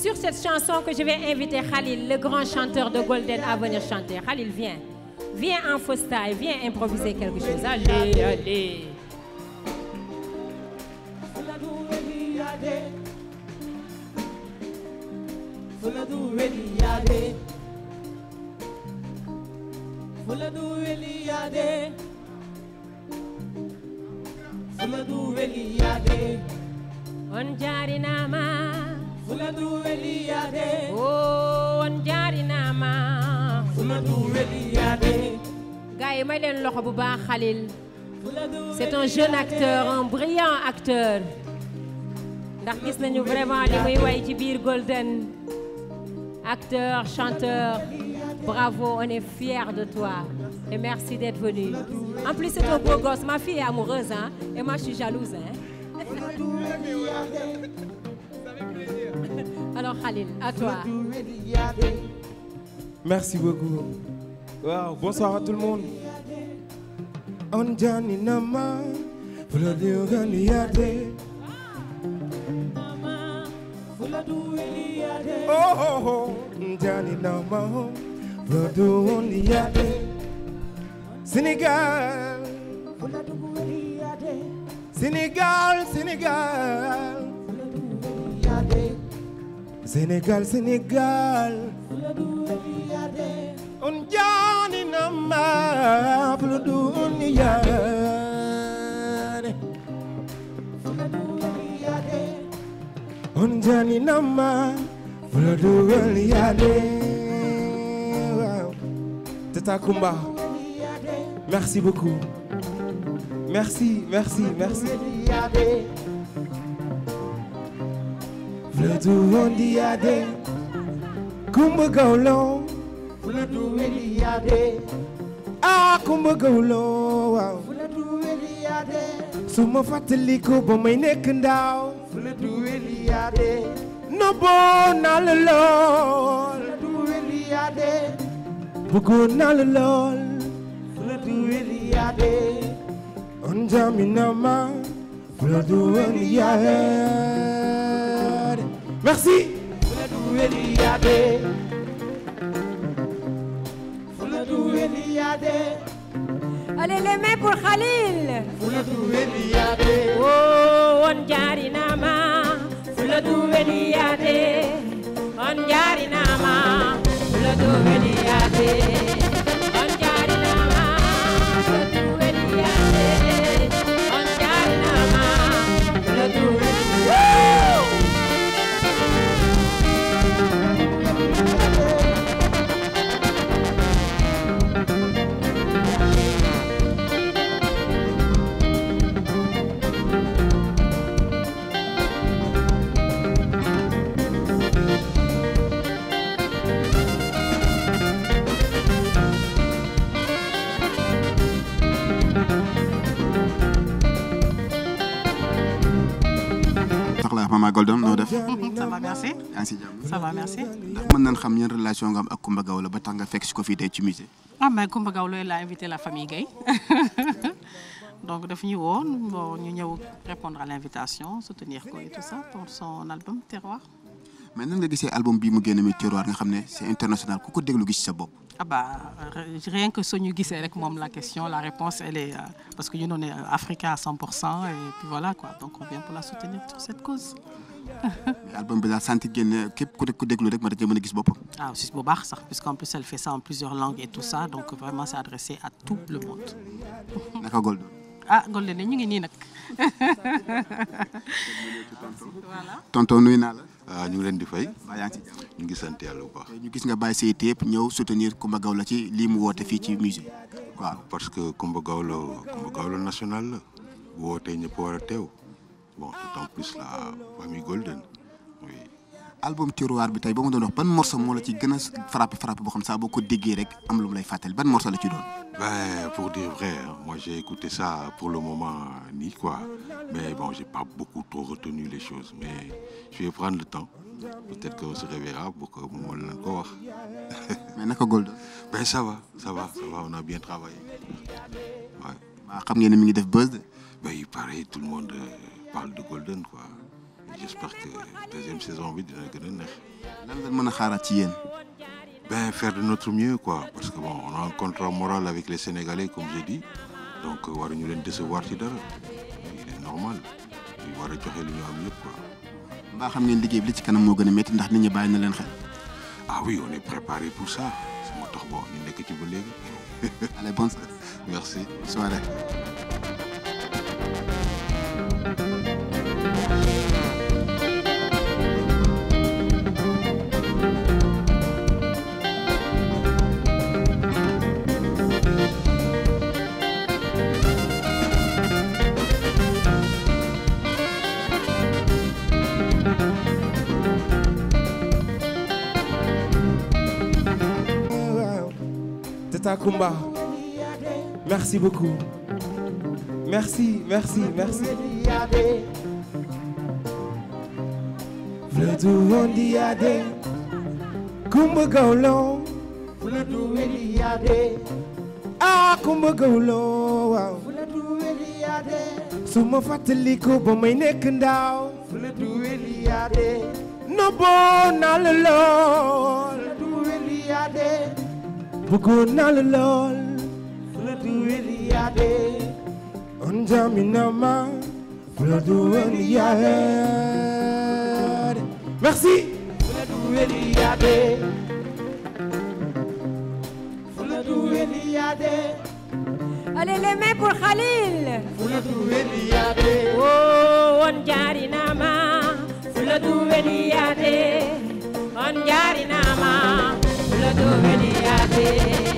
sur cette chanson que je vais inviter Khalil, le grand chanteur de Golden, à venir chanter. Khalil, viens. en faustail, viens improviser quelque chose. Allez, allez. On jarinama fuladu weliyade oh on jaari naa ma fuladu weliyade gars yi may leen loxo bu baax Khalil c'est un jeune acteur un brillant acteur vraiment ci biir Golden acteur chanteur bravo on est fiers de toi et merci d'être venu en plus c'est un beau ma fille amoureuse et moi je jalouse hein Alors Khalil, à toi. Merci beaucoup. Waaw, bonsoir à tout le monde. On jani nama fulodi ugani yade. Oh oh oh, jani nama fulodi ugani yade. Sénégal, Sénégal, Sénégal. Sénégal Sénégal unjaani namma fula duniyaane unjaani namma fula duniyaane waaw Tata Kumba merci beaucoup merci merci merci Fleutu wondi yaade Kumba Gawlo Fleutu weli yaade Ah Kumba Gawlo waaw Fleutu weli yaade Suma fàttaliku ba may nekk ndaw Fleutu lool Fleutu weli yaade Bëggoon naa ma Fleutu weli merci Allez les mains pour Khalil Fuladu Weliyade Oh on jaari nama Fuladu Weliyade on jaari nama Fuladu Weliyade Asma Goldom noo def. ça va merci. yaa ngi si jàmm ça ndax mën nañ xam yan relation nga am ak Gawlo ba tax nga fekk si ko fii tey ci musée. ah mais Coumba Gawlo la invité la famille Guèye donc daf ñu woon bon ñu ñëw répondre à l'invitation soutenir ko et tout ça pour son album Terroir. mais nan nga gisee album bii mu génn mi Terroir nga xam ne c'est international ku ko déglu gis sa bopp. ah bah, euh, rien que Sonyu Guisserek, la question, la réponse, elle est. Euh, parce que nous, on est euh, africain à 100%, et puis voilà, quoi. Donc, on vient pour la soutenir sur cette cause. L'album, vous avez senti que vous Ah, c'est beau, parce puisqu'en plus, elle fait ça en plusieurs langues et tout ça. Donc, vraiment, c'est adressé à tout le monde. D'accord, Golden. Ah, Golden, nous sommes voilà. tonton nuyu naa la. Ah, ñu ngi leen di fay. waaw ñu ngi sant yàlla bu ñu gis nga bàyyi say yëpp ñëw soutenir Coumba Gawlo ci lii mu woote fii ci musée. waaw parce que Coumba Gawlo Coumba national la bu wootee ñëpp war teew bon tout plus la famille Golden. album tiroir bi tey ba mu doon wax ban morceau moo la ci gën a frappé frappé boo xam saa ko déggee rek am lu lay fàttali ban morceau la ci doon. ben pour dire vrai moi j'ai écouté ça pour le moment ni quoi mais bon j'ai pas beaucoup trop retenu les choses mais je prendre le temps peut-être qu'on se reverra pour que mu mën mais naka Goldo. ben ça va on a bien travaillé waaw. waaw xam mi ngi def buzz. ben tout le monde euh, parle de Golden quoi. j'espère que deuxième saison bi dina gën a neex. lan lañ mën a xaaraat ci yéen. ben faire de notre mieux quoi parce que bon on a un contrat moral avec les Sénégalais comme j'ai dit donc waruñu leen décevoir ci dara il est normal ñu war a joxe li ñu am yëpp mbaa xam ngeen liggéey bi li ci kanam moo gën a métti ndax nit ñi bàyyi na leen xel. ah oui on est préparé pour ça su ma tax bon nekk ci ba léegi. allez bonne soirée. merci soirée. Tata Kumba merci Gawlo Vledu weli yade Ah Kumba Gawlo waaw Vledu weli ba may nekk ndaw Vledu weli yade Nobbo naa la lool bëggoon naa la lool floodu weli yaade on jamina ma floodu weli yaade merci floodu weli yaade floodu weli yaade allez les mains pour Khalil floodu weli yaade oh on jarina ma floodu dominate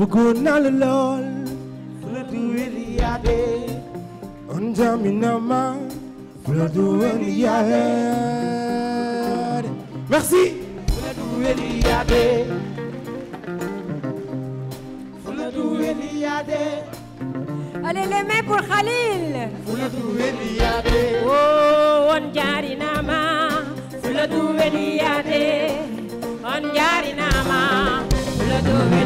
bëggoon naa la lool fleur de wéli yaate on jamina ma fleur de wéli yaate merci fleur de wéli yaate fleur de wéli yaate allez les mains pour Khalil fleur de wéli on oh, jarina ma ma